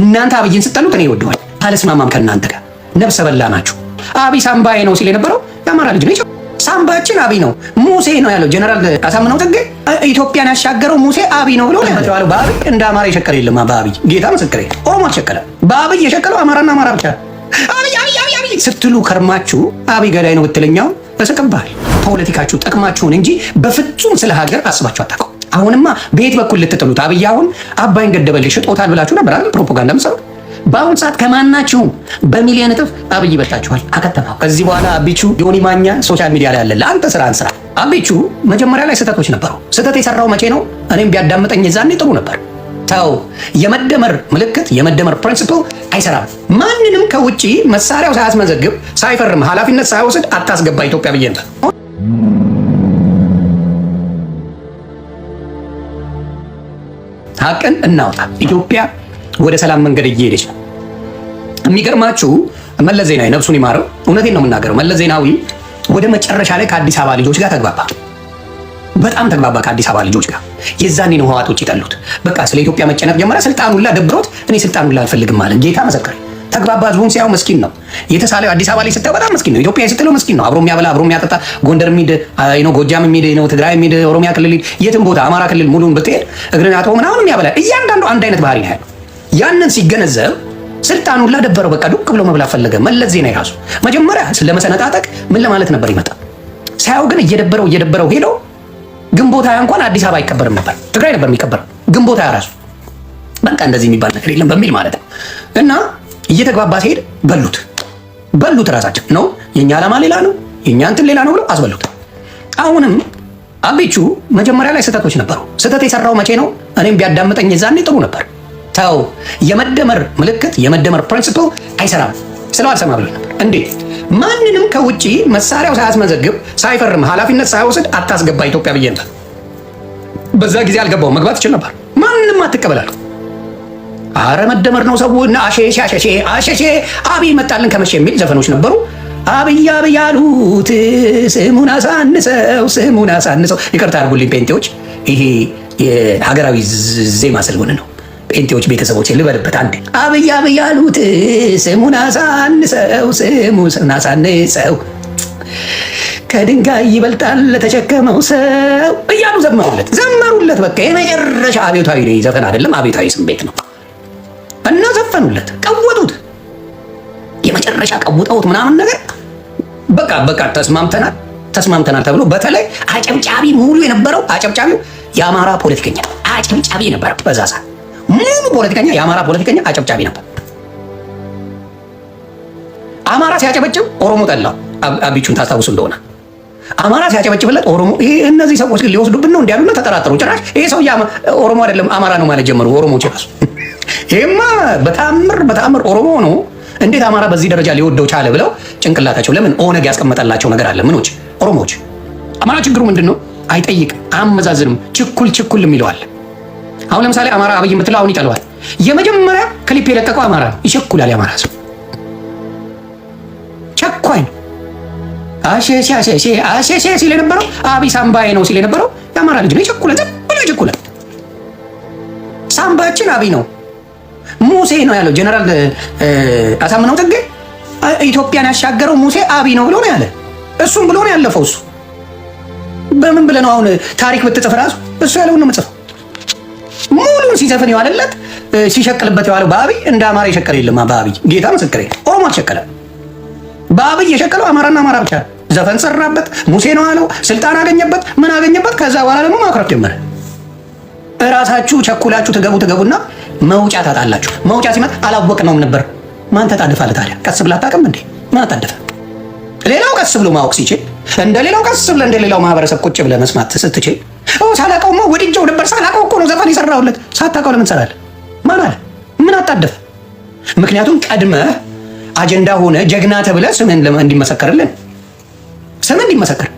እናንተ አብይን ስጠሉት እኔ ይወደዋል። አልስማማም ከእናንተ ጋር ነብሰ በላ ናችሁ። አብይ ሳምባዬ ነው ሲል የነበረው የአማራ ልጅ ነው። ሳምባችን አብይ ነው ሙሴ ነው ያለው ጀነራል አሳምነው ጽጌ። ኢትዮጵያን ያሻገረው ሙሴ አብይ ነው ብሎ ያለው በአብይ እንደ አማራ የሸቀለ የለም። በአብይ ጌታ ምስክሬ፣ ኦሮሞ አልሸቀለም። በአብይ የሸቀለው አማራና አማራ ብቻ። አብይ አብይ አብይ አብይ ስትሉ ከርማችሁ አብይ ገዳይ ነው ብትለኛው እስቅብሃል። ፖለቲካችሁ ጠቅማችሁን እንጂ በፍጹም ስለ ሀገር አስባችሁ አታውቀው። አሁንማ በየት በኩል ልትጥሉት? አብይ አሁን አባይን ገደበልሽ ሽጦታል ብላችሁ ነበር አይደል? ፕሮፓጋንዳም ምሰሩ። በአሁን ሰዓት ከማናችሁም በሚሊዮን እጥፍ አብይ ይበልጣችኋል። አከተማው። ከዚህ በኋላ አቢቹ ዮኒ ማኛ ሶሻል ሚዲያ ላይ አለ። አንተ ስራ አንስራ። አቢቹ መጀመሪያ ላይ ስህተቶች ነበሩ። ስህተት የሰራው መቼ ነው? እኔም ቢያዳምጠኝ የዛኔ ጥሩ ነበር። ተው። የመደመር ምልክት የመደመር ፕሪንሲፕል አይሰራም። ማንንም ከውጭ መሳሪያው ሳያስመዘግብ ሳይፈርም ኃላፊነት ሳይወስድ አታስገባ ኢትዮጵያ ብዬ ነበር። ሀቅን እናውጣ። ኢትዮጵያ ወደ ሰላም መንገድ እየሄደች ነው። የሚገርማችሁ መለስ ዜናዊ ነፍሱን ይማረው፣ እውነቴን ነው የምናገረው። መለስ ዜናዊ ወደ መጨረሻ ላይ ከአዲስ አበባ ልጆች ጋር ተግባባ፣ በጣም ተግባባ ከአዲስ አበባ ልጆች ጋር። የዛኔ ነው ህወሓት ውጭ በቃ ስለ ኢትዮጵያ መጨነቅ ጀመረ። ስልጣኑላ ደብሮት እኔ ስልጣኑላ አልፈልግም አለ። ጌታ መሰከረ። ተግባባዝ ህዝቡን ሲያው መስኪን ነው የተሳለው። አዲስ አበባ ላይ ስታየው በጣም መስኪን ነው። ኢትዮጵያ ስትለው መስኪን ነው። አብሮ የሚያበላ አብሮ የሚያጠጣ ጎንደር አይ ነው፣ ጎጃም የሚድ ነው፣ ትግራይ የሚድ፣ ኦሮሚያ ክልል የትም ቦታ አማራ ክልል ሙሉን ብትሄድ እግርን አጥቦ ምናምን የሚያበላ እያንዳንዱ አንድ አይነት ባህሪ ነው ያለው። ያንን ሲገነዘብ ስልጣኑ ላደበረው በቃ ዱቅ ብሎ መብላ ፈለገ። መለስ ዜናዊ ራሱ መጀመሪያ ለመሰነጣጠቅ ምን ለማለት ነበር ይመጣ ሳያው ግን እየደበረው እየደበረው ሄዶ ግንቦት ሃያ እንኳን አዲስ አበባ አይከበርም ነበር፣ ትግራይ ነበር የሚከበረው ግንቦት ሃያ ራሱ በቃ እንደዚህ የሚባል ነገር የለም በሚል ማለት ነው እና እየተግባባ ሲሄድ በሉት በሉት እራሳቸው ነው። የኛ ዓላማ ሌላ ነው፣ የኛ እንትን ሌላ ነው ብለው አስበሉት። አሁንም አቤቹ መጀመሪያ ላይ ስህተቶች ነበሩ። ስህተት የሰራው መቼ ነው? እኔም ቢያዳምጠኝ የዛኔ ጥሩ ነበር። ተው የመደመር ምልክት የመደመር ፕሪንስፕል አይሰራም ስለው አልሰማ ነበር። እንዴት ማንንም ከውጭ መሳሪያው ሳያስመዘግብ ሳይፈርም ኃላፊነት ሳይወስድ አታስገባ ኢትዮጵያ ብዬ ነበር። በዛ ጊዜ አልገባው መግባት ይችል ነበር። ማንም አትቀበላል አረ መደመር ነው ሰው እና አሸሼ አሸሼ አሸሼ አብይ መጣልን ከመቼ የሚል ዘፈኖች ነበሩ። አብይ አብይ አሉት ስሙን አሳንሰው ስሙን አሳንሰው። ይቅርታ አድርጉልኝ ጴንጤዎች፣ ይሄ የሀገራዊ ዜማ ስለሆነ ነው። ጴንጤዎች ቤተሰቦች ልበልበት አንዴ። አብይ አብይ አሉት ስሙን አሳንሰው ስሙን አሳንሰው ከድንጋይ ይበልጣል ለተሸከመው ሰው እያሉ ዘመሩለት ዘመሩለት። በቃ የመጨረሻ አብዮታዊ ዘፈን አይደለም፣ አብዮታዊ ስሜት ነው። እና ዘፈኑለት፣ ቀወጡት። የመጨረሻ ቀውጠውት ምናምን ነገር በቃ በቃ ተስማምተናል ተስማምተናል ተብሎ በተለይ አጨብጫቢ ሙሉ የነበረው አጨብጫቢው የአማራ ፖለቲከኛ አጨብጫቢ ነበረ። በዛ ሰዓት ሙሉ ፖለቲከኛ የአማራ ፖለቲከኛ አጨብጫቢ ነበር። አማራ ሲያጨበጭብ ኦሮሞ ጠላው። አቢቹን ታስታውሱ እንደሆነ አማራ ሲያጨበጭብለት ኦሮሞ ይሄ እነዚህ ሰዎች ግን ሊወስዱብን ነው እንዲያሉና ተጠራጠሩ። ጭራሽ ይሄ ሰው ኦሮሞ አይደለም አማራ ነው ማለት ጀመሩ ኦሮሞች ራሱ ይሄማ በታምር በታምር ኦሮሞ ነው። እንዴት አማራ በዚህ ደረጃ ሊወደው ቻለ ብለው ጭንቅላታቸው ለምን ኦነግ ያስቀመጠላቸው ነገር አለ። ምኖች ኦሮሞዎች አማራ ችግሩ ምንድን ነው? አይጠይቅ አመዛዝንም ችኩል ችኩል የሚለዋል። አሁን ለምሳሌ አማራ አብይ የምትለው አሁን ይጠለዋል። የመጀመሪያ ክሊፕ የለቀቀው አማራ ነው። ይቸኩላል። የአማራ ሰው ቸኳይ ነው። ሲል የነበረው አብይ ሳምባዬ ነው ሲል የነበረው የአማራ ልጅ ነው። ይቸኩላል። ዝም ብሎ ይቸኩላል። ሳምባችን አብይ ነው ሙሴ ነው ያለው። ጀነራል አሳምነው ጽጌ ኢትዮጵያን ያሻገረው ሙሴ አብይ ነው ብሎ ነው ያለ። እሱም ብሎ ነው ያለፈው። እሱ በምን ብለህ ነው አሁን ታሪክ ብትጽፍ ራሱ እሱ ያለውን ነው የምጽፈው። ሙሉን ሲዘፍን የዋለለት ሲሸቅልበት የዋለው በአብይ እንደ አማራ የሸቀለ የለም። በአብይ ጌታ ምስክሬ፣ ኦሮሞ አልሸቀለም። በአብይ የሸቀለው አማራና አማራ ብቻ። ዘፈን ሰራበት፣ ሙሴ ነው አለው፣ ስልጣን አገኘበት፣ ምን አገኘበት። ከዛ በኋላ ደግሞ ማኩረፍ ጀመረ። እራሳችሁ ቸኩላችሁ ትገቡ ትገቡና መውጫ ታጣላችሁ። መውጫ ሲመጣ አላወቅነውም ነበር። ማን ተጣድፋለ ታዲያ? ቀስ ብላ አታውቅም እንዴ? ማን አጣድፈ? ሌላው ቀስ ብሎ ማወቅ ሲችል እንደ ሌላው ቀስ ብለ እንደ ሌላው ማህበረሰብ ቁጭ ብለ መስማት ስትችል፣ ሳላውቀውማ ወድጄው ነበር ሳላውቀው እኮ ነው ዘፈን የሰራሁለት። ሳታውቀው ለምን ትሰራለህ? ማን አለ? ምን አጣደፈ? ምክንያቱም ቀድመህ አጀንዳ ሆነ ጀግና ተብለ ስምን እንዲመሰከርልን ስምን እንዲመሰከር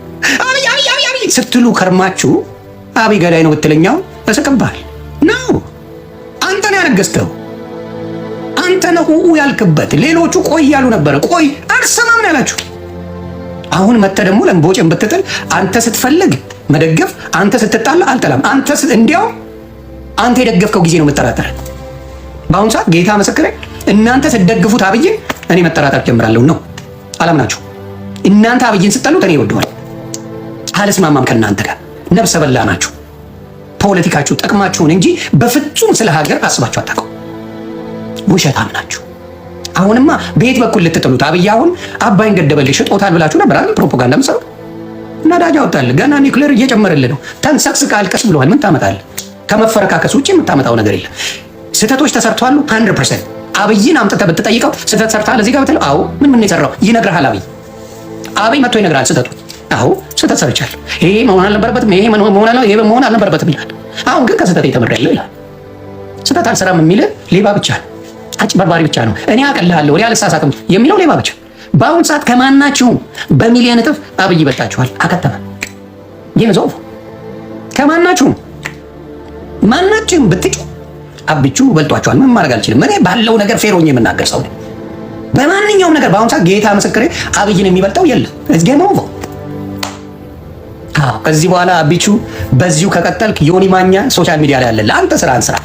አብይ አብይ አብይ ስትሉ ከርማችሁ አብይ ገዳይ ነው ብትለኛው እስቅብሃል ነው ያነገስተው አንተ ነው ኡ ያልክበት። ሌሎቹ ቆይ ያሉ ነበረ። ቆይ አልሰማም ያላችሁ አሁን መተ ደግሞ ለምቦጭን ብትጥል አንተ ስትፈልግ መደገፍ አንተ ስትጣላ አልጠላም። አንተ እንዲያው አንተ የደገፍከው ጊዜ ነው መጠራጠር። በአሁኑ ሰዓት ጌታ ምስክሬ እናንተ ስትደግፉት አብይን እኔ መጠራጠር ጀምራለሁ። ነው አላምናችሁ። እናንተ አብይን ስጠሉት እኔ ይወደዋል። አልስማማም ከእናንተ ጋር ነብሰ በላ ናችሁ። ፖለቲካችሁ ጠቅማችሁን እንጂ በፍጹም ስለ ሀገር አስባችሁ አታውቁም። ውሸታም ናችሁ። አሁንማ በየት በኩል ልትጥሉት? አብይ አሁን አባይን ገደበልሽ ሽጦታል ብላችሁ ነበር አይደል? ፕሮፓጋንዳ ምሰሩ ናዳጅ አወጣል። ገና ኒውክሌር እየጨመረልህ ነው። ተንሰቅስቅ አልቀስ ብለዋል። ምን ታመጣለህ? ከመፈረካከስ ውጭ የምታመጣው ነገር የለም። ስህተቶች ተሰርተዋሉ። 100 ፐርሰንት አብይን አምጥተህ ብትጠይቀው ስህተት ሰርተሃል እዚህ ጋር ብትለው አዎ ምን ምን የሰራው ይነግርሃል። አብይ አብይ መጥቶ ይነግራል ስህተቱን አዎ ስህተት ሰርቻለሁ፣ ይሄ መሆን አልነበረበትም፣ ይሄ መሆን አልነበረበትም ይላል። ይሄ አሁን ግን ከስህተት የተምሬያለሁ ይላል። ስህተት አልሰራም የሚል ሌባ ብቻ ነው፣ አጭበርባሪ ብቻ ነው። እኔ አቀላለሁ፣ እኔ አልሳሳትም የሚለው ሌባ ብቻ። በአሁን ሰዓት ከማናችሁም በሚሊዮን እጥፍ አብይ ይበልጣችኋል። አከተመ ጌም ዞፍ ከማናችሁም ማናችሁም ብትጩ አብቹ በልጧቸዋል። ምን ማድረግ አልችልም። እኔ ባለው ነገር ፌሮኝ ሆኜ የምናገር ሰው በማንኛውም ነገር በአሁኑ ሰዓት ጌታ ምስክሬ አብይን የሚበልጠው የለም። እዚህ ደግሞ ከዚህ በኋላ ቢቹ በዚሁ ከቀጠልክ ዮኒ ማኛ ሶሻል ሚዲያ ላይ ያለ ለአንተ ስራ አንስራ